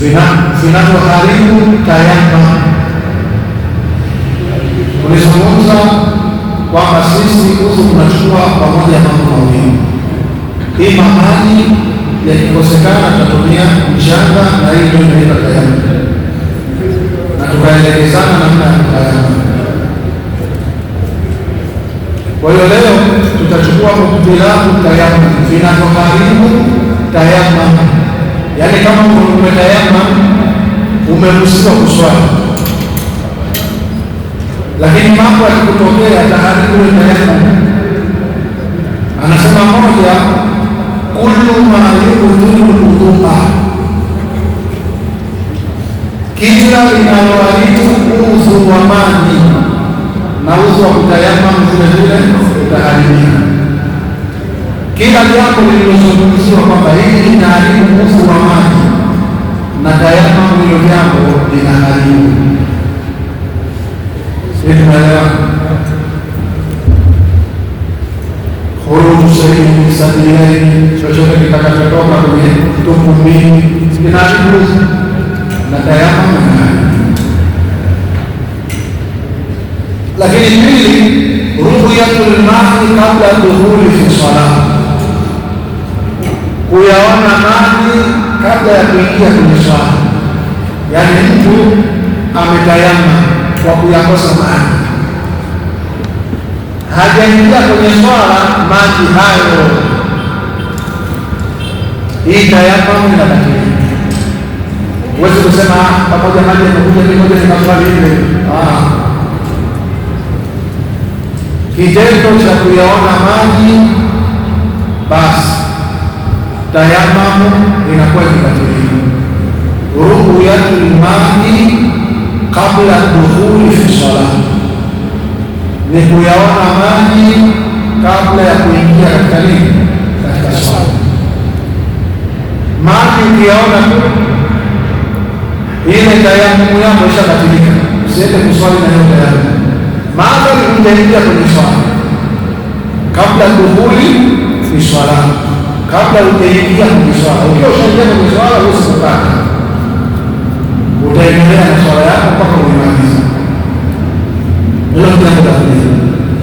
vinavyoharibu tayama. Ulizungumza kwamba sisi udhu tunachukua pamoja na mambo muhimu, ima maji yakikosekana tutatumia mchanga, na hii ndio inaitwa tayama, na tukaelekezana namna ya tayama. Kwa hiyo leo tutachukua mubtilahu tayama, vinavyoharibu tayama yaani kama umekwenda Yamma umeruhusiwa kuswali, lakini mambo yakikutokea taharibu ile Anasema moja, kullu ma yubtilu kila linaloharibu udhu wa maji na udhu wa kutayamma, vile vile utaharibika. Kila jambo lililozungumziwa kwamba hili linaharibu nguvu wa maji na tayama, hilo jambo linaharibu iaa huruju sehemu sabilaini, chochote kitakachotoka kwenye tumbo mbili kinaharibu na tayama. Lakini pili, ru'yatul ma'i kabla dukhuli fi salah kuyaona maji kabla ya kuingia kwenye swala, yaani mtu ametayama kwa kuyakosa maji, hajaingia kwenye swala maji hayo, hii tayamamu inatakiwa. Huwezi kusema ah, pamoja maji yamekuja kimoja nikaswali ile. Ah. Kitendo cha kuyaona maji basi tayamamu inakuwa kikamilifu ru'yatul ma'i kabla dukhuli fi salah, ni kuyaona maji kabla ya kuingia katika nini, katika swala. Maji ukiyaona tu ile tayamumu yako ishabatilika, usiende kuswali na hiyo tayamumu. Maadhali hujaingia kwenye swala kabla dukhuli fi salah kabla hujaingia kwenye swala. Ukiwa ushaingia kwenye swala, huwezi kukata, utaendelea na swala yako mpaka umemaliza. Hilo jambo la pili.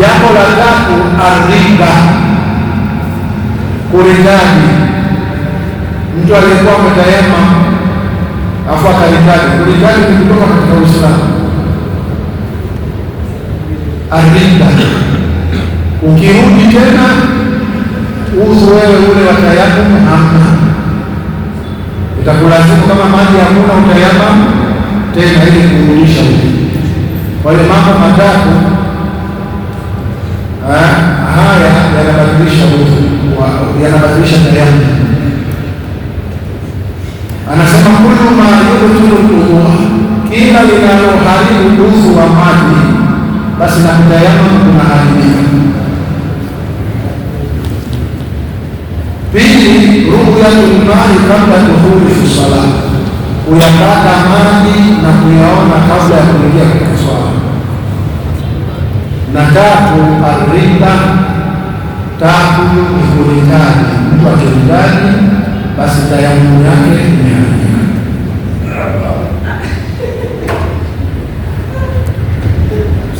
Jambo la tatu, ariba, kurindaji. Mtu aliyekuwa ametayema afu akarindaji, kurindaji ni kutoka katika Uislamu. Ariba, ukirudi tena uzu wewe ule wa tayammum hamna, itakulazimu kama maji hakuna utayammum tena ili kurudisha ule. Kwa hiyo mambo matatu eh, haya yanabadilisha uzu, yanabadilisha tayammum. Anasema kullu ma yubtilu wudhua, kila linaloharibu uzu wa maji basi na kuna kunaharibika Pili, ru'yatul ma'i kabla dukhuli fi sala, kuyapata maji na kuyaona kabla ya kuingia katika swala. Na tatu, arida, tatu ni kulingani, mtu akilingani basi tayamumu yake imeharibika.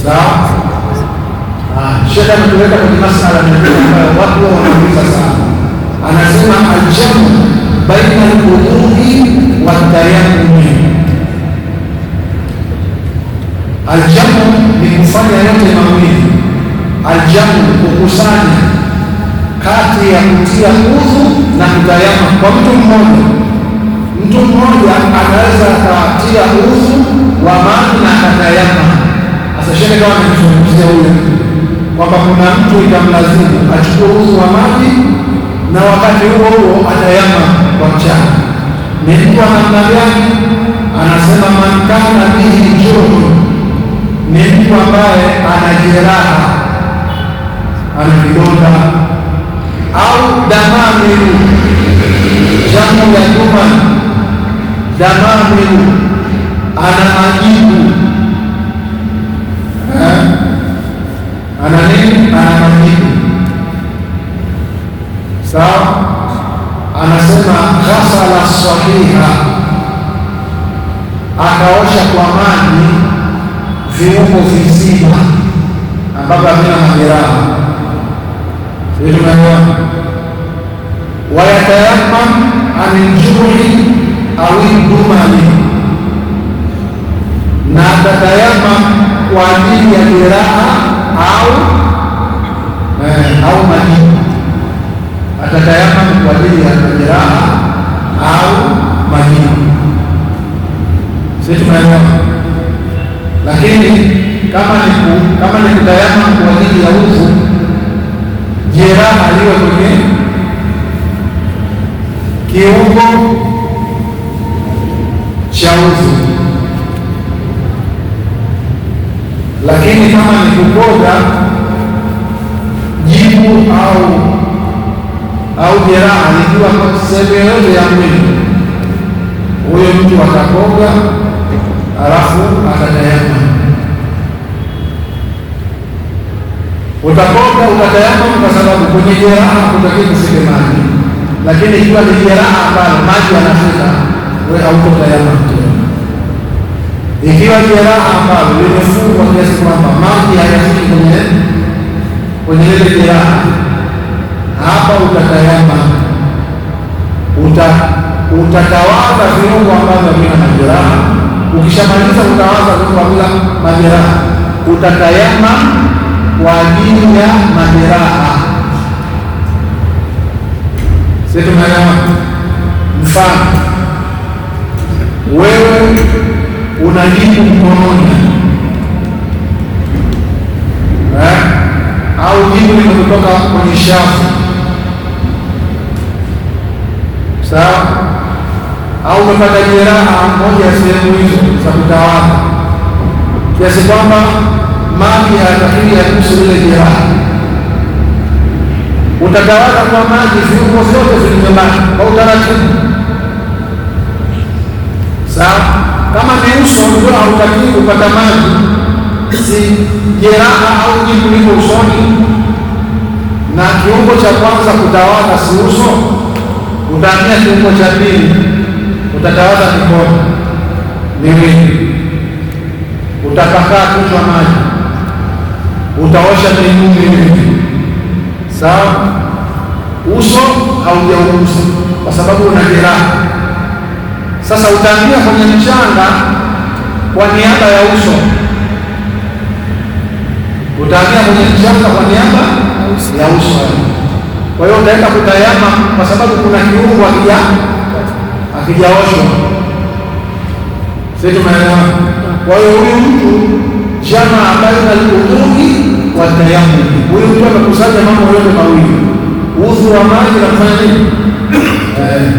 Sawa, ah, shekhe ametuweka kwenye masala ambayo watu wanauliza sana anasema aljamu baina wa tayamumi Aljamu ni kufanya yote mawili, aljamu kukusanya kati ya kutia udhu na kutayama kwa mtu mmoja. Mtu mmoja anaweza akatia udhu wa maji na akatayama. Sasa shehe kama amemzungumzia huyo kwamba kuna mtu itamlazimu achukue udhu wa maji na wakati huo huo atayama kwa mchana. Ni mtu wa namna gani? Anasema man kana bihi jurhu, ni mtu ambaye ana jeraha, ana vidonda au damamiru, jamu ya duman. Damamiru ana majibu eh? ana nini? Ana majibu anasema wasala sahiha, akaosha kwa maji viungo vizima ambavyo havina majeraha, itunaiona wayatayamam anijui awidumani, na atatayamam kwa ajili ya jeraha au eh, au majibu atatayamama kwa ajili ya majeraha au majina, si tunaelewana? Lakini kama ni kama ni kutayamama kwa ajili ya udhu, jeraha liwe kwenye kiungo cha udhu, lakini kama ni kukoga jibu au au jeraha likiwa sehemu yoyote ya mwili, huyo mtu atakoga, halafu atatayama. Utakoga utatayama kwa sababu kwenye jeraha kutaki kusike maji, lakini ikiwa ni jeraha ambalo maji yanafika, we auko tena. Ikiwa jeraha ambalo limefungwa kiasi kwamba maji hayafiki kwenye kwenye lile jeraha hapa utatayama, utatawaza viungo ambavyo havina majeraha. Ukishamaliza utawaza viungo bila majeraha, utatayama kwa ajili ya majeraha. Sisi tunayama, mfano wewe una jipu mkononi eh, au jipu limetoka kwenye shafu sawa, au umepata jeraha moja ya sehemu hizo za kutawala, kiasi kwamba maji hayatakiwi yagusu lile jeraha. Utatawala kwa maji viungo vyote vilivyobaki kwa utaratibu, sawa. Kama ni uso ndio hautakiwi kupata maji, si jeraha au jivu liko usoni, na kiungo cha kwanza kutawala si uso utahamia kiungo cha pili, utatawaza mikono miwili, utapakaa kuchwa maji, utaosha miguu miwili. Sawa, uso haujaugusa kwa sababu una jeraha. Sasa utaingia kwenye mchanga kwa niaba ya uso, utaingia kwenye mchanga kwa niaba ya uso. Kwa hiyo utaenda kutayama kwa sababu kuna kiungo akija akijaoshwa, sisi tumeelewana. Kwa hiyo huyu mtu jamaa baina al-udhui wa tayammum, huyu mtu amekusanya mambo yote mawili, udhu wa maji na kufanya nini eh,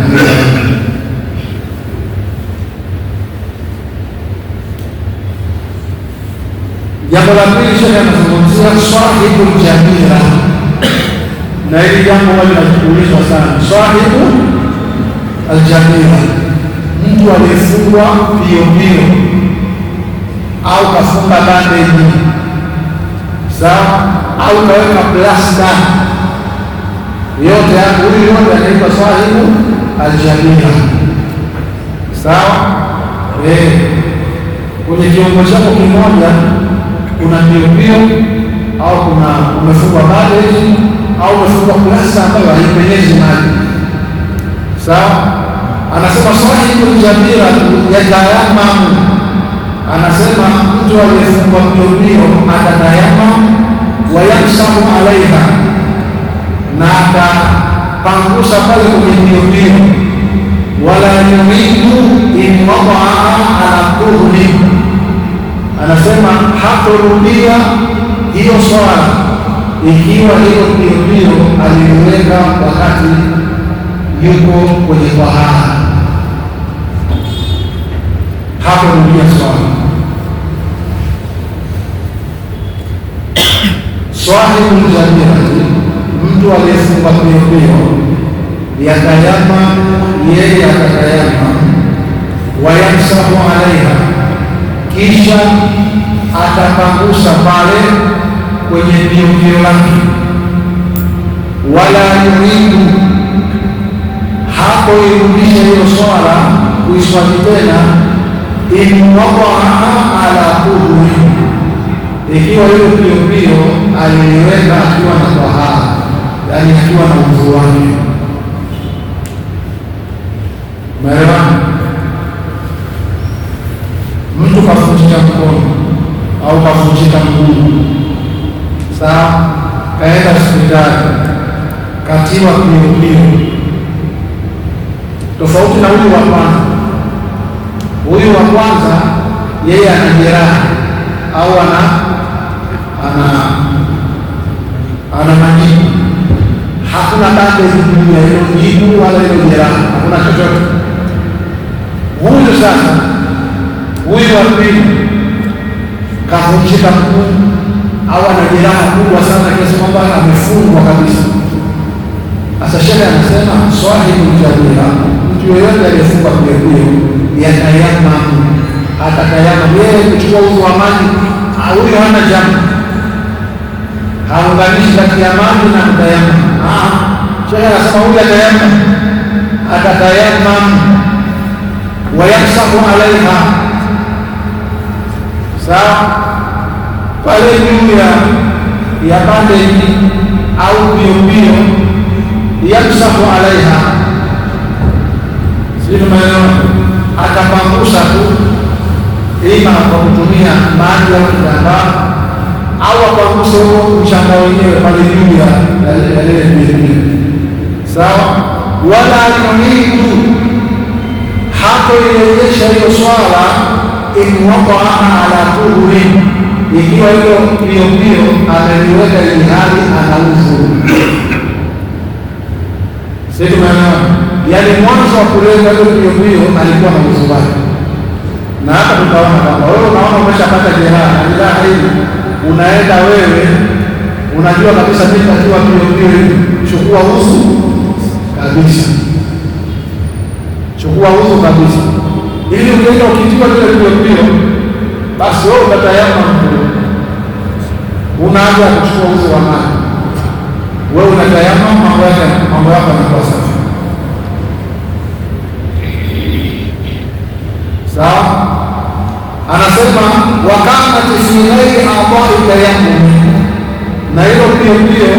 Jambo la pili, shekhe anazungumzia sahibu jamira na hili jambo huwa linakuulizwa sana, sahibu aljamira, mtu aliyefungwa pio pio au kafunga bandeji sawa, au kaweka plasta yote yangu, huyu yote anaitwa sahibu aljamira, sawa. Eh, kwenye kiungo chako kimoja kuna pio pio au kuna umefungwa bandeji au siku 11 ambayo haipenyezi maji. Sawa? Anasema sahibu jabira yatayamamu, anasema mtu aliyefungwa mtobio atatayamamu wa yamsahu alaiha, na atapangusha pale kwenye mtobio. Wala yumidu inwadaa ala tuhni, anasema hatorudia hiyo swala ikiwa hiyo ndio ndio aliyoweka wakati yuko kwenye tahara. Hapo ndio swali swahibul jabirati, mtu aliyefunga mbiombio yatayamamu, yeye atatayamamu, wayamsahu alaiha, kisha atapangusa pale kwenye viungio lake, wala yuridu hapo irudisha hiyo swala kuiswali tena, inwaqaa ala qudri, ikiwa hiyo viungio aliliweka akiwa na tahara, yani akiwa na udhu wake maelewano. Mtu kafunjika mkono au kafunjika mguu saa kaenda hospitali katiwa kuirudio, tofauti na huyu wa kwanza. Huyu wa kwanza yeye ana jeraha au ana ana ana majibu, hakuna bandage juu ya jibu wala hilo jeraha, hakuna chochote. Huyu sasa, huyu wa pili kavunjika mguu au ana jeraha kubwa sana kiasi kwamba amefungwa kabisa. Sasa shehe anasema swahibu jabira, mtu yeyote aliyefungwa kujakuyo yatayamamu, atatayamamu yeye kuchukua uzu wa maji, ah, huyo hana jambo, haunganishi kati ya maji na mtayamamu. Ah, shehe anasema huyo atayamamu, atatayamamu wayamsahu alaiha, sawa pale juu ya ya bandeji au biombio yamsahu alaiha, sijui maana atapangusha tu ima kwa kutumia maji au kitambaa au apanguse huo mchanga wenyewe pale juu ya lile biombio, sawa. Wala yumitu, hapo ilionyesha hiyo swala in ala tuhuri ikiwa hiyo hiyo mbio ameliweka jihadi anauzu situmanaa, yani mwanzo wa kuleta hiyo mbio mbio alikuwa na uzu wake, na hata tukaona kwamba wewe unaona umeshapata jeraha jeraha hili, unaenda wewe unajua kabisa mimi nitakiwa mbio mbio hivi, chukua uzu kabisa, chukua uzu kabisa, ili ukienda ukitiwa ile mbio mbio basi wewe unatayama unaanza kuchukua uzi wa maji, wewe unatayama mambo yako yanakuwa safi. Sawa, anasema wakana tisminai ambayo itayamu na hilo pio pio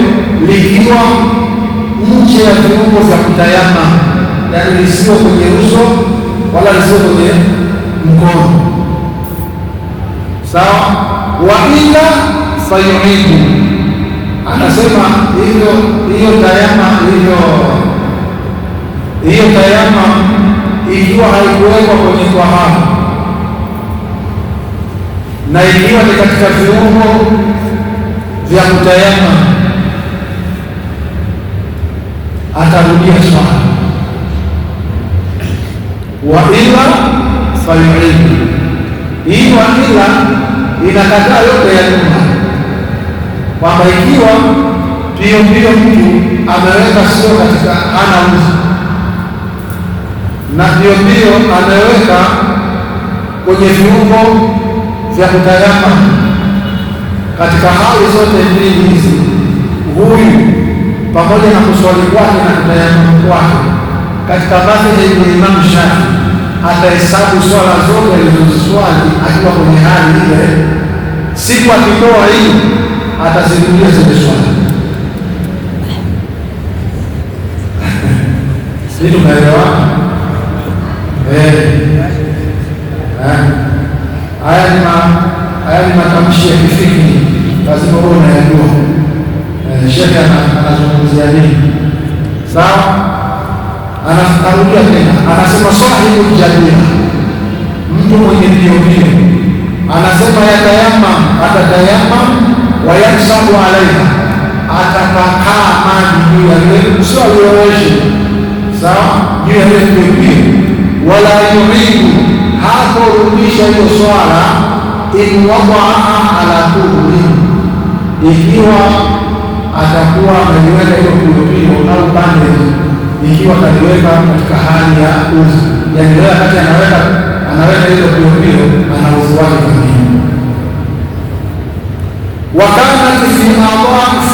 likiwa nje ya viungo vya kutayama, yaani lisio kwenye uso wala lisio kwenye mkono sawa, wa ila sayuidu, anasema hiyo hiyo tayama, hiyo hiyo tayama ikiwa haikuwekwa kwenye tahamu na ikiwa ni katika viungo vya kutayama, atarudia swala wa ila sayuidu hii mila inakataa yote ya nyuma, kwamba ikiwa piombio mtu ameweka sio katika ana uzi na pio ameweka kwenye viungo vya kutayama, katika hali zote mbili hizi, huyu pamoja na kuswali kwake na kutayama kwake, katika madhehebu ya Imamu Shafii atahesabu swala zote alizoziswali akiwa kwenye hali ile. Siku akitoa hii atazirudia zile swala hii. Tunaelewa eh. Eh. haya ni matamshi ya kifikri, lazima uwe unayajua eh, shekhe anazungumzia nini, sawa anarudia tena, anasema sahibu jabira, mtu mwenye ndio mbio, anasema yatayama, atatayama wayansabu alaiha, atakakaa maji juu ya ile, sio aliyooshi sawa, juu ya ile mbio mbio, wala hapo rudisha hiyo swala in wadaaha ala tuhuri, ikiwa atakuwa ameliweka hiyo mbio mbio au bandeji ikiwa kaliweka katika hali ya uzu, yani wewe wakati anaweka anaweka hizo piopio ana uzu wake kamili. Wakanat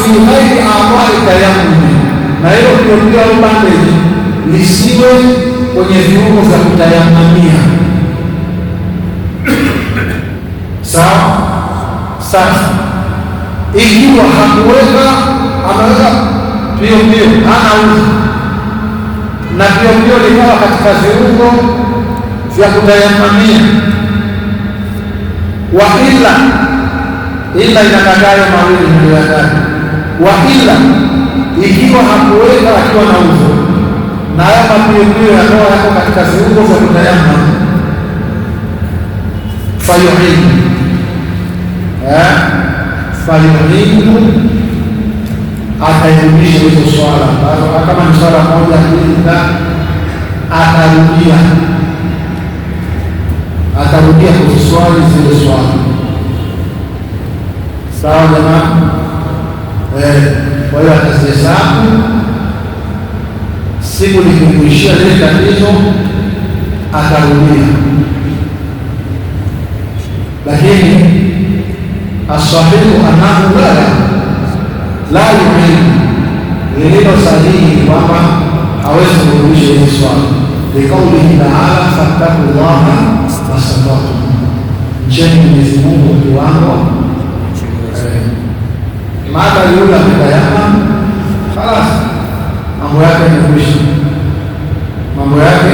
fi ghairi adai tayamumi, na hilo piopio au bandeji lisiwe kwenye viungo za kutayamamia. Sawa. Sasa ikiwa hakuweka anaweka piopio ana uzu na pia vio likawa katika viungo vya kutayamamia. Wa ila ila inakatayo mawili niliyataja. Wa ila ikiwa hakuweka akiwa na uzo na haya mapio vio yakawa yako katika viungo vya kutayamam, fayuhidu eh? fayuhidu atairulisha hizo swala ambazo kama ni swala moja mbili tatu, atarudia atarudia kuziswali zile swala. Sawa jamaa, eh, kwa hiyo atazihesabu siku likikuishia lile tatizo, atarudia. Lakini asahihu anahu lala la yuhili lililo sahihi kwamba hawezi kurudisha hili swala likaulihi taala fattaku llaha mastatatu, mcheni Mwenyezi Mungu kiwango eh, mada yula kidayama halas, mambo yake yamekwisha, mambo yake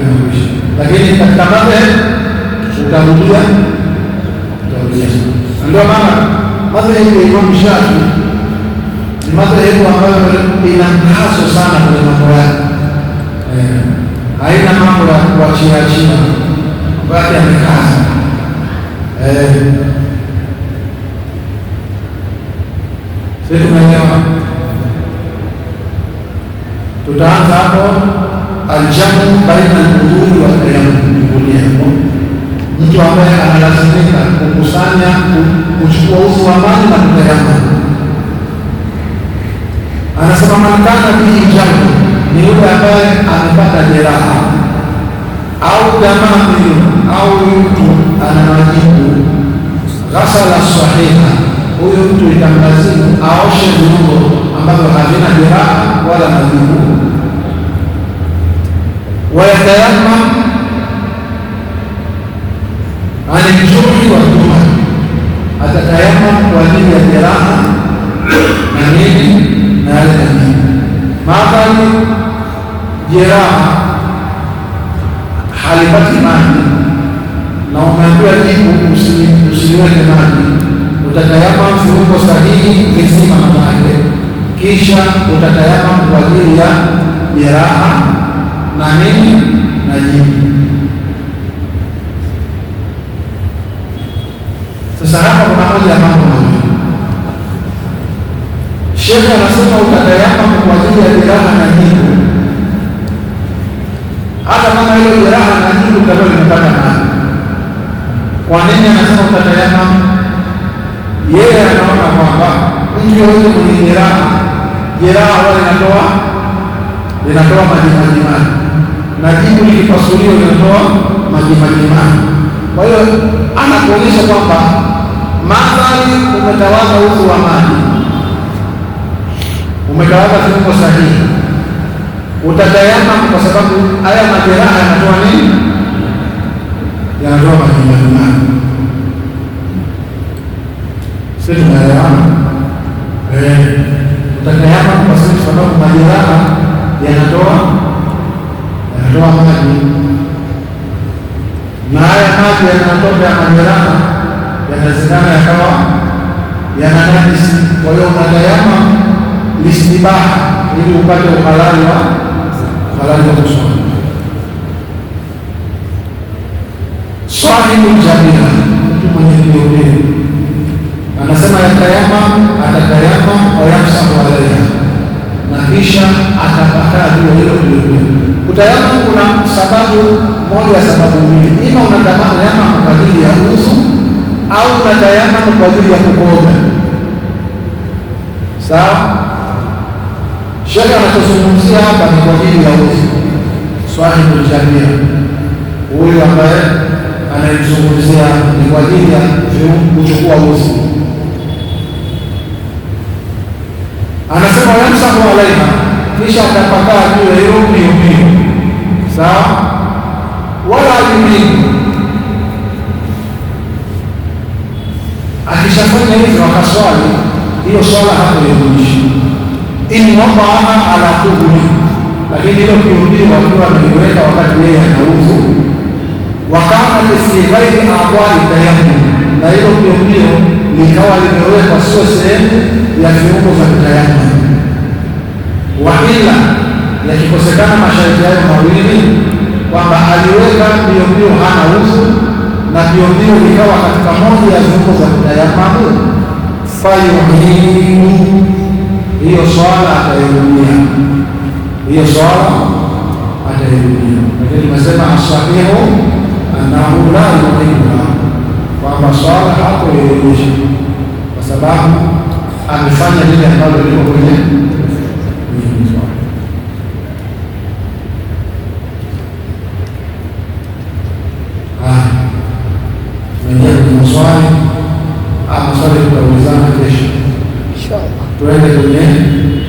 yamekwisha. Lakini katika mada utarudia, utarudia. Ndio maana madhehebu ya Imamu Shafi ni madhehebu ambayo ina mkazo sana kwenye mambo yake, eh, haina mambo ya kuachia achia bali amekaza eh, situmaelewa. Tutaanza hapo aljamu baina al wa qiyam, mtu ambaye analazimika kukusanya kuchukua udhu wa maji na kutayammu anasema mankana bihi jangu ni yule ambaye amepata jeraha au jamaa huyu au mtu ana wajibu ghasala sahiha, huyu mtu itamlazimu aoshe viungo ambavyo havina jeraha wala majibu, wayatayamam alimjuhi wa tuma, atatayamam kwa ajili ya jeraha na nini na yale mengine. Mathalan, jeraha halipati maji na umeambiwa jibu usiliweke maji, utatayama mfuniko sahihi kisima maake, kisha utatayama kwa ajili ya jeraha na nini na jibu. Sasa hapa kuna moja ya mambo Shekhe anasema utatayama kwa ajili ya jeraha na jibu, hata kama ile jeraha na jingu utakuwa limepata maji. Kwa nini anasema utatayama? Yeye anaona kwamba mtu yote mwenye jeraha, jeraha huwa linatoa linatoa majimajimaji na jibu likipasuliwa linatoa majimajimaji. Kwa hiyo anakuonyesha kwamba madhari umetawaza uso wa maji umetawaza kifungo sahihi, utatayamam kwa sababu haya majeraha yanatoa nini? Yanatoa majimajimaji, si tunayama eh, utatayamam kwa sababu majeraha yanatoa yanatoa maji, na haya maji yanatoka ya majeraha yanazindana yakawa yananajisi, kwa hiyo unatayama istibaha ili upate uhalali wa uhalali wa kuswali. Sahibu jamia, mtu mwenye kiongeo, anasema yatayama atatayama wayamsahu alaiha, na kisha atapakaa juu hilo kiongeo. Kutayama kuna sababu moja ya sababu mbili, ima unatayama kwa ajili ya uzu au unatayama kwa ajili ya kukoga, sawa Shehe anachozungumzia hapa ni kwa ajili ya uzi swali kuchangia huyu ambaye anayemzungumzia ni kwa ajili ya kuchukua uzi. Anasema yamsahu alaiha, kisha atapakaa juu ya hiyo mbiu sawa wala ajumiu. Akishafanya hivyo akaswali, hiyo swala hakuirudisha in wadaa ala lakini hilo kiungio wakiwa wameliweka wakati yeye anauzu wakana ghairi aqwali tayammum, na hilo kiungio likawa limewekwa sio sehemu ya viungo vya tayammum. Wa ila yakikosekana masharti hayo mawili kwamba aliweka kiungio hana uzu na kiungio likawa katika moja ya viungo vya tayammum fayuhii hiyo swala atairudia, hiyo swala atairudia, lakini tumesema asahihu anahu la yuqimuha, kwamba swala hapo kwa sababu amefanya lile ambalo liko kwenye mengia ah, kwenye maswali ಕೊಡಲಿಕ್ಕೆ